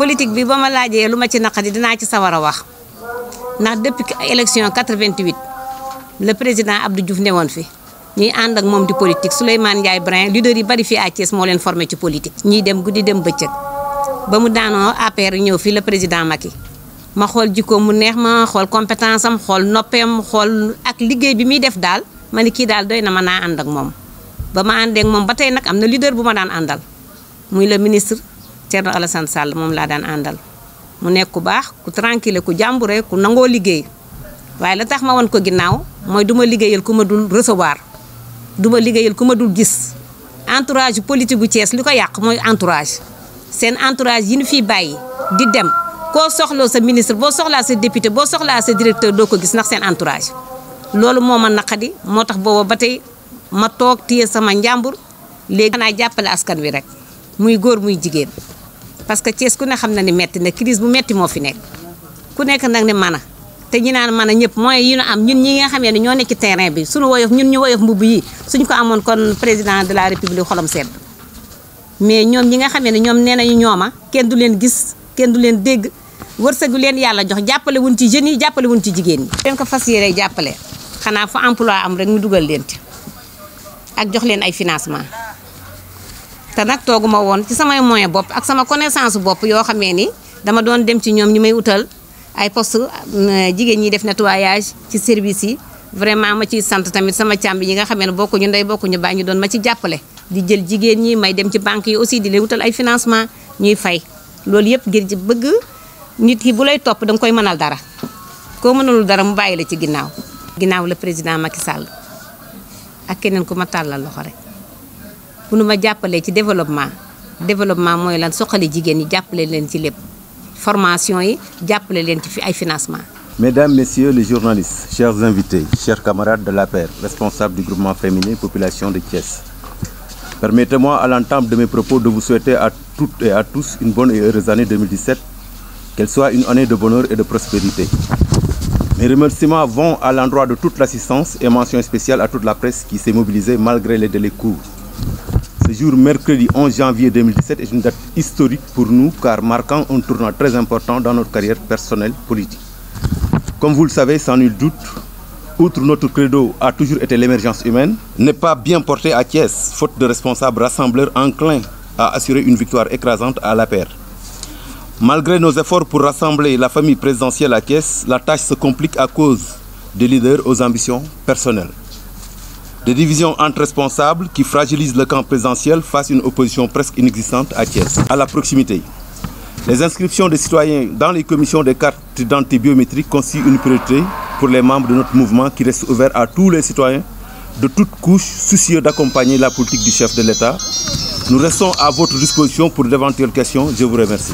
politique bi ba ma laajee lu ma ci naqari dinaa ci sawar a wax ndax depuis élection 88 la président Abdou ne woon fii ñuy ànd ak moom di politique Souleymane Ndiaye Brin leader yi bari fii à Thiès moo leen formé ci politique. ñuy dem guddi dem bëccëg ba mu daanoo APR ñëw fii la président Macky ma xool jikkoom mu neex ma xool compétence am xool noppeem xool ak liggéey bi muy def daal ma ni kii daal doy na ma naa ànd ak moom. ba ma àndee ak moom ba tey nag am na leader bu ma daan àndal muy le ministre. Thierno alasan Sall mula la dan andal mu nek ku bax ku tranquille ku jàmbure ku nango liggéey waye la tax ma won ko ginnaw moy duma liggéeyal kuma dul recevoir duma liggéeyal kuma dul gis entourage politique bu Thiès liko yak moy entourage sen entourage yi ñu fiy bàyyi di dem ko soxlo sa ministre bo soxla sa député bo soxla sa directeur doo ko gis nak sen entourage lolou moma nakadi motax bobo batay ma tok tie sama njambur legui na jappale askan wi rek muy gor muy jigen parce que Thiès ku ne xam na ni metti na crise bu metti moo fi nekk ku nekk nag ne mana te ñi naan man a ñëpp moyens yi ñu am ñun ñi nga xamee ne ñoo nekk ci terrain bi suñu woyof ñun ñu woyof mbubb yi suñ ko amoon kon président de la république xolam sedd mais ñoom ñi nga xamee ne ñoom nee nañu ñooma kenn du leen gis kenn du leen dégg wërsëgu leen yàlla jox jàppale wuñ ci jeunes yi jàppale wuñ ci jigéen ñi. leen ko fas yéene jàppale xanaa fa emploi am rek ñu dugal leen ci ak jox leen ay financement te nag toogu woon ci samay moyen bopp ak sama connaissance bopp yoo xamee ni dama doon dem ci ñoom ñu may utal ay poste euh, jigéen ñi def nettoyage ci service yi vraiment ma ciy sant tamit sama càmb yi nga xamee ne ñu ndey bokkuñu baay ñu doon ma ci jàppale di jël jigéen ñi may dem ci banque yi aussi di leen wutal ay financement ñuy fay loolu yëpp ngir ji bëgg nit ki bu lay topp danga koy mënal dara koo mënalul dara mu bàyyi la ci ginnaaw ginnaaw la président Macky Sall ak keneen ku ma tàllal loxo rek pour nous ci développement développement qu'on lan de ci la formation financement Mesdames, Messieurs les journalistes, chers invités, chers camarades de la paire, responsables du groupement féminin Population de Thiès, permettez-moi à l'entente de mes propos de vous souhaiter à toutes et à tous une bonne et heureuse année 2017, qu'elle soit une année de bonheur et de prospérité. Mes remerciements vont à l'endroit de toute l'assistance et mention spéciale à toute la presse qui s'est mobilisée malgré les délais courts. Le jour mercredi 11 janvier 2017 est une date historique pour nous car marquant un tournant très important dans notre carrière personnelle politique. Comme vous le savez, sans nul doute, outre notre credo a toujours été l'émergence humaine, n'est pas bien porté à Thiès, faute de responsables rassembleurs enclins à assurer une victoire écrasante à la paire. Malgré nos efforts pour rassembler la famille présidentielle à caisse, la tâche se complique à cause des leaders aux ambitions personnelles. Des divisions entre responsables qui fragilisent le camp présidentiel face à une opposition presque inexistante à Thiès. À la proximité, les inscriptions des citoyens dans les commissions des cartes d'identité biométriques constituent une priorité pour les membres de notre mouvement qui reste ouvert à tous les citoyens de toutes couches soucieux d'accompagner la politique du chef de l'État. Nous restons à votre disposition pour d'éventuelles questions. Je vous remercie.